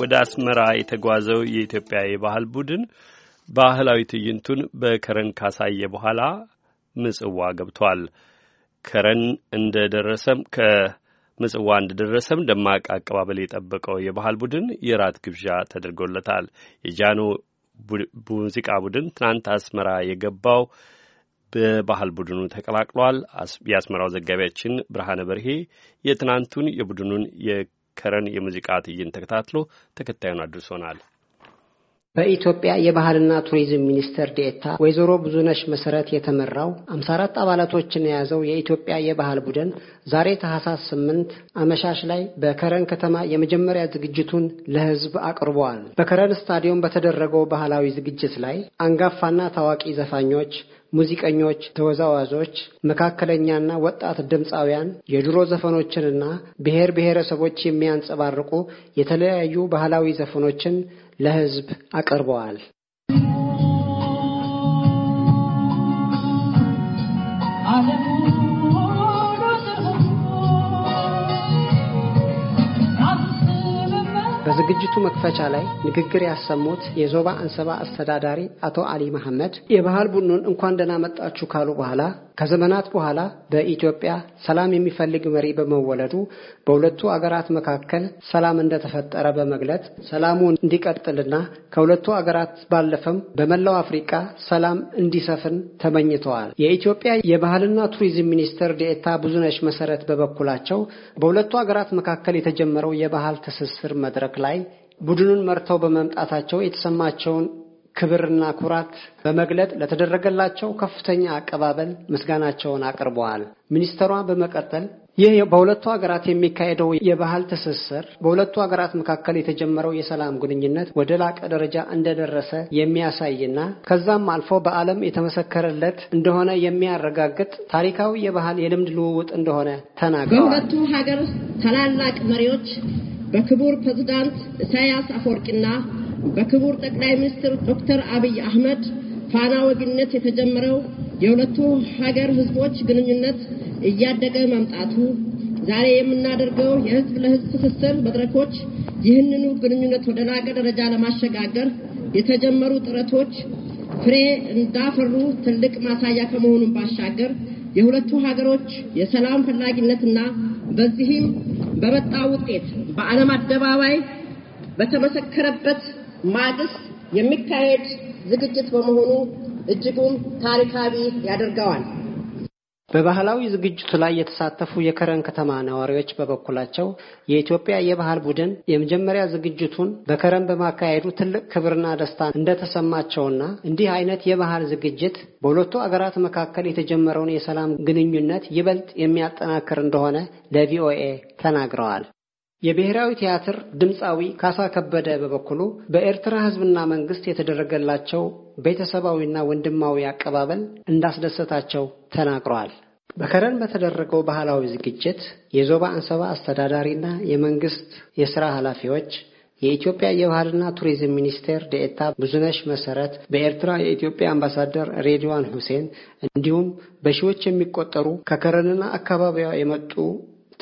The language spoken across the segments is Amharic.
ወደ አስመራ የተጓዘው የኢትዮጵያ የባህል ቡድን ባህላዊ ትዕይንቱን በከረን ካሳየ በኋላ ምጽዋ ገብቷል። ከረን እንደደረሰም ከምጽዋ እንደደረሰም ደማቅ አቀባበል የጠበቀው የባህል ቡድን የራት ግብዣ ተደርጎለታል። የጃኖ ሙዚቃ ቡድን ትናንት አስመራ የገባው በባህል ቡድኑ ተቀላቅሏል። የአስመራው ዘጋቢያችን ብርሃነ በርሄ የትናንቱን የቡድኑን ከረን የሙዚቃ ትዕይንት ተከታትሎ ተከታዩን አድርሶናል። በኢትዮጵያ የባህልና ቱሪዝም ሚኒስቴር ዴኤታ ወይዘሮ ብዙነሽ መሰረት የተመራው 54 አባላቶችን የያዘው የኢትዮጵያ የባህል ቡድን ዛሬ ታህሳስ 8 አመሻሽ ላይ በከረን ከተማ የመጀመሪያ ዝግጅቱን ለሕዝብ አቅርበዋል። በከረን ስታዲየም በተደረገው ባህላዊ ዝግጅት ላይ አንጋፋና ታዋቂ ዘፋኞች ሙዚቀኞች፣ ተወዛዋዦች፣ መካከለኛና ወጣት ድምፃውያን የድሮ ዘፈኖችንና ብሔር ብሔረሰቦች የሚያንጸባርቁ የተለያዩ ባህላዊ ዘፈኖችን ለሕዝብ አቅርበዋል። በዝግጅቱ መክፈቻ ላይ ንግግር ያሰሙት የዞባ አንሰባ አስተዳዳሪ አቶ አሊ መሐመድ የባህል ቡድኑን እንኳን ደህና መጣችሁ ካሉ በኋላ ከዘመናት በኋላ በኢትዮጵያ ሰላም የሚፈልግ መሪ በመወለዱ በሁለቱ አገራት መካከል ሰላም እንደተፈጠረ በመግለጽ ሰላሙ እንዲቀጥልና ከሁለቱ አገራት ባለፈም በመላው አፍሪካ ሰላም እንዲሰፍን ተመኝተዋል። የኢትዮጵያ የባህልና ቱሪዝም ሚኒስትር ዴኤታ ብዙነሽ መሰረት በበኩላቸው በሁለቱ አገራት መካከል የተጀመረው የባህል ትስስር መድረክ ላይ ቡድኑን መርተው በመምጣታቸው የተሰማቸውን ክብርና ኩራት በመግለጥ ለተደረገላቸው ከፍተኛ አቀባበል ምስጋናቸውን አቅርበዋል። ሚኒስትሯ በመቀጠል ይህ በሁለቱ ሀገራት የሚካሄደው የባህል ትስስር በሁለቱ ሀገራት መካከል የተጀመረው የሰላም ግንኙነት ወደ ላቀ ደረጃ እንደደረሰ የሚያሳይና ከዛም አልፎ በዓለም የተመሰከረለት እንደሆነ የሚያረጋግጥ ታሪካዊ የባህል የልምድ ልውውጥ እንደሆነ ተናግረዋል። ሀገር ታላላቅ መሪዎች በክቡር ፕሬዚዳንት ኢሳያስ አፈወርቂና በክቡር ጠቅላይ ሚኒስትር ዶክተር አብይ አህመድ ፋና ወጊነት የተጀመረው የሁለቱ ሀገር ህዝቦች ግንኙነት እያደገ መምጣቱ ዛሬ የምናደርገው የህዝብ ለህዝብ ትስስር መድረኮች ይህንኑ ግንኙነት ወደ ላቀ ደረጃ ለማሸጋገር የተጀመሩ ጥረቶች ፍሬ እንዳፈሩ ትልቅ ማሳያ ከመሆኑን ባሻገር የሁለቱ ሀገሮች የሰላም ፈላጊነትና በዚህም በመጣ ውጤት በዓለም አደባባይ በተመሰከረበት ማግስት የሚካሄድ ዝግጅት በመሆኑ እጅጉን ታሪካዊ ያደርገዋል። በባህላዊ ዝግጅቱ ላይ የተሳተፉ የከረን ከተማ ነዋሪዎች በበኩላቸው የኢትዮጵያ የባህል ቡድን የመጀመሪያ ዝግጅቱን በከረን በማካሄዱ ትልቅ ክብርና ደስታ እንደተሰማቸውና እንዲህ አይነት የባህል ዝግጅት በሁለቱ አገራት መካከል የተጀመረውን የሰላም ግንኙነት ይበልጥ የሚያጠናክር እንደሆነ ለቪኦኤ ተናግረዋል። የብሔራዊ ቲያትር ድምፃዊ ካሳ ከበደ በበኩሉ በኤርትራ ሕዝብና መንግስት የተደረገላቸው ቤተሰባዊና ወንድማዊ አቀባበል እንዳስደሰታቸው ተናግረዋል። በከረን በተደረገው ባህላዊ ዝግጅት የዞባ አንሰባ አስተዳዳሪና የመንግስት የሥራ ኃላፊዎች የኢትዮጵያ የባህልና ቱሪዝም ሚኒስቴር ዴኤታ ብዙነሽ መሰረት፣ በኤርትራ የኢትዮጵያ አምባሳደር ሬድዋን ሁሴን እንዲሁም በሺዎች የሚቆጠሩ ከከረንና አካባቢዋ የመጡ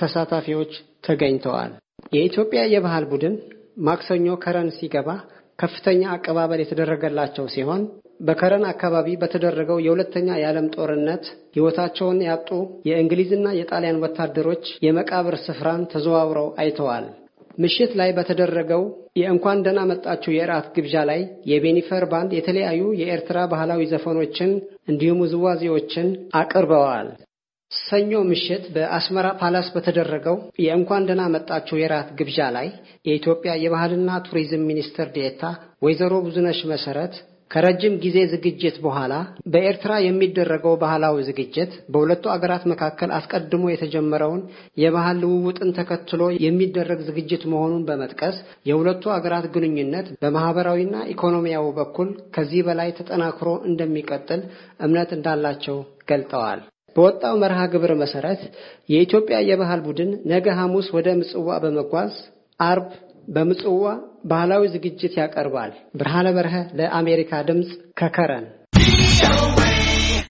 ተሳታፊዎች ተገኝተዋል። የኢትዮጵያ የባህል ቡድን ማክሰኞ ከረን ሲገባ ከፍተኛ አቀባበል የተደረገላቸው ሲሆን በከረን አካባቢ በተደረገው የሁለተኛ የዓለም ጦርነት ሕይወታቸውን ያጡ የእንግሊዝና የጣሊያን ወታደሮች የመቃብር ስፍራን ተዘዋውረው አይተዋል። ምሽት ላይ በተደረገው የእንኳን ደህና መጣችሁ የእራት ግብዣ ላይ የቤኒፈር ባንድ የተለያዩ የኤርትራ ባህላዊ ዘፈኖችን እንዲሁም ውዝዋዜዎችን አቅርበዋል። ሰኞ ምሽት በአስመራ ፓላስ በተደረገው የእንኳን ደህና መጣችሁ የራት ግብዣ ላይ የኢትዮጵያ የባህልና ቱሪዝም ሚኒስትር ዴኤታ ወይዘሮ ብዙነሽ መሰረት ከረጅም ጊዜ ዝግጅት በኋላ በኤርትራ የሚደረገው ባህላዊ ዝግጅት በሁለቱ አገራት መካከል አስቀድሞ የተጀመረውን የባህል ልውውጥን ተከትሎ የሚደረግ ዝግጅት መሆኑን በመጥቀስ የሁለቱ አገራት ግንኙነት በማህበራዊና ኢኮኖሚያዊ በኩል ከዚህ በላይ ተጠናክሮ እንደሚቀጥል እምነት እንዳላቸው ገልጠዋል። በወጣው መርሃ ግብር መሰረት የኢትዮጵያ የባህል ቡድን ነገ ሐሙስ ወደ ምጽዋ በመጓዝ አርብ በምጽዋ ባህላዊ ዝግጅት ያቀርባል። ብርሃነ በርሀ ለአሜሪካ ድምፅ ከከረን